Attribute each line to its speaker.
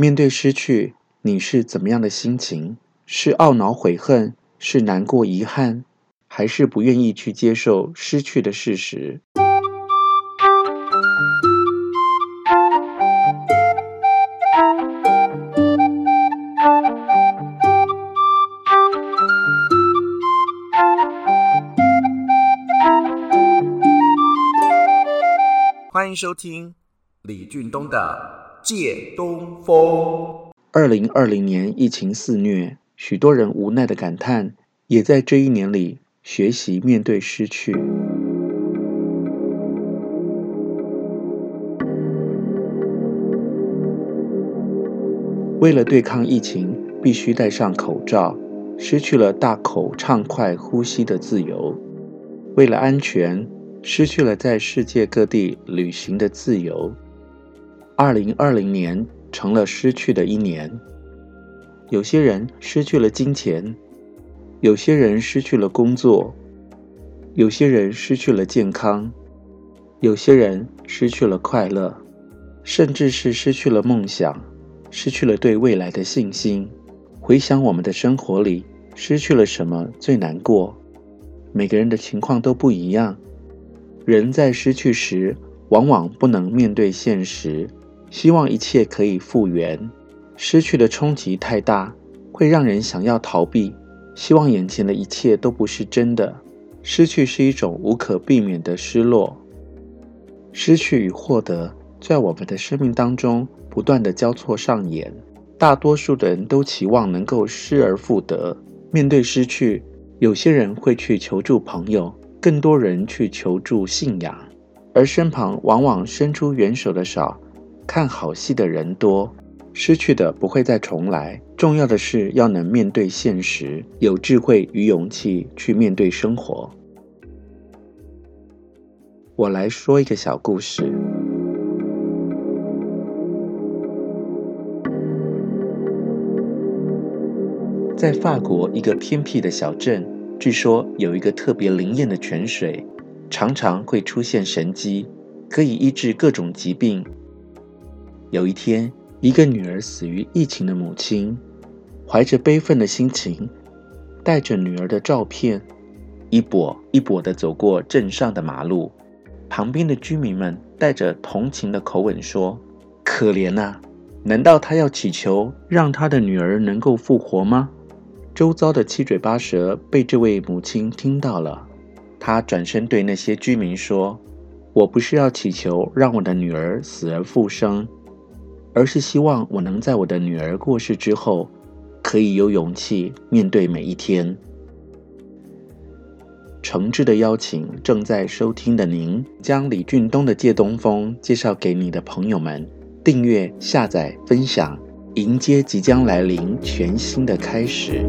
Speaker 1: 面對失去，你是怎麼樣的心情？是懊惱悔恨，是難過遺憾，還是不願意去接受失去的事實？歡迎收聽李俊東的。借東風。二零二零年，疫情肆虐，許多人無奈的感嘆，也在這一年裡學習面對失去。為了對抗疫情，必須戴上口罩，失去了大口暢快呼吸的自由；為了安全，失去了在世界各地旅行的自由。二零二零年成了失去的一年，有些人失去了金錢，有些人失去了工作，有些人失去了健康，有些人失去了快樂，甚至是失去了夢想，失去了對未來的信心。回想我們的生活裡失去了什麼最難過，每個人的情況都不一樣。人在失去時，往往不能面對現實。希望一切可以復原，失去的衝擊太大，會讓人想要逃避。希望眼前的一切都不是真的。失去是一種無可避免的失落。失去與獲得，在我們的生命當中不斷的交錯上演。大多數的人都期望能夠失而復得。面對失去，有些人會去求助朋友，更多人去求助信仰，而身旁往往伸出援手的少。看好戲的人多，失去的不會再重來。重要的是要能面對現實，有智慧與勇氣去面對生活。我來說一個小故事，在法國一個偏僻的小鎮，據說有一個特別靈驗的泉水，常常會出現神跡，可以醫治各種疾病。有一天，一個女兒死於疫情的母親，懷着悲憤的心情，帶着女兒的照片，一跛一跛地走過鎮上的馬路。旁邊的居民們帶着同情的口吻說：“可憐啊，難道他要祈求讓他的女兒能夠復活嗎？”周遭的七嘴八舌被這位母親聽到了，她轉身對那些居民說：“我不是要祈求讓我的女兒死而復生。”而是希望我能在我的女兒過世之後，可以有勇氣面對每一天。誠摯的邀請正在收聽的您，將李俊東的《借東風》介紹給你的朋友們，訂閱、下載、分享，迎接即將來臨全新的開始。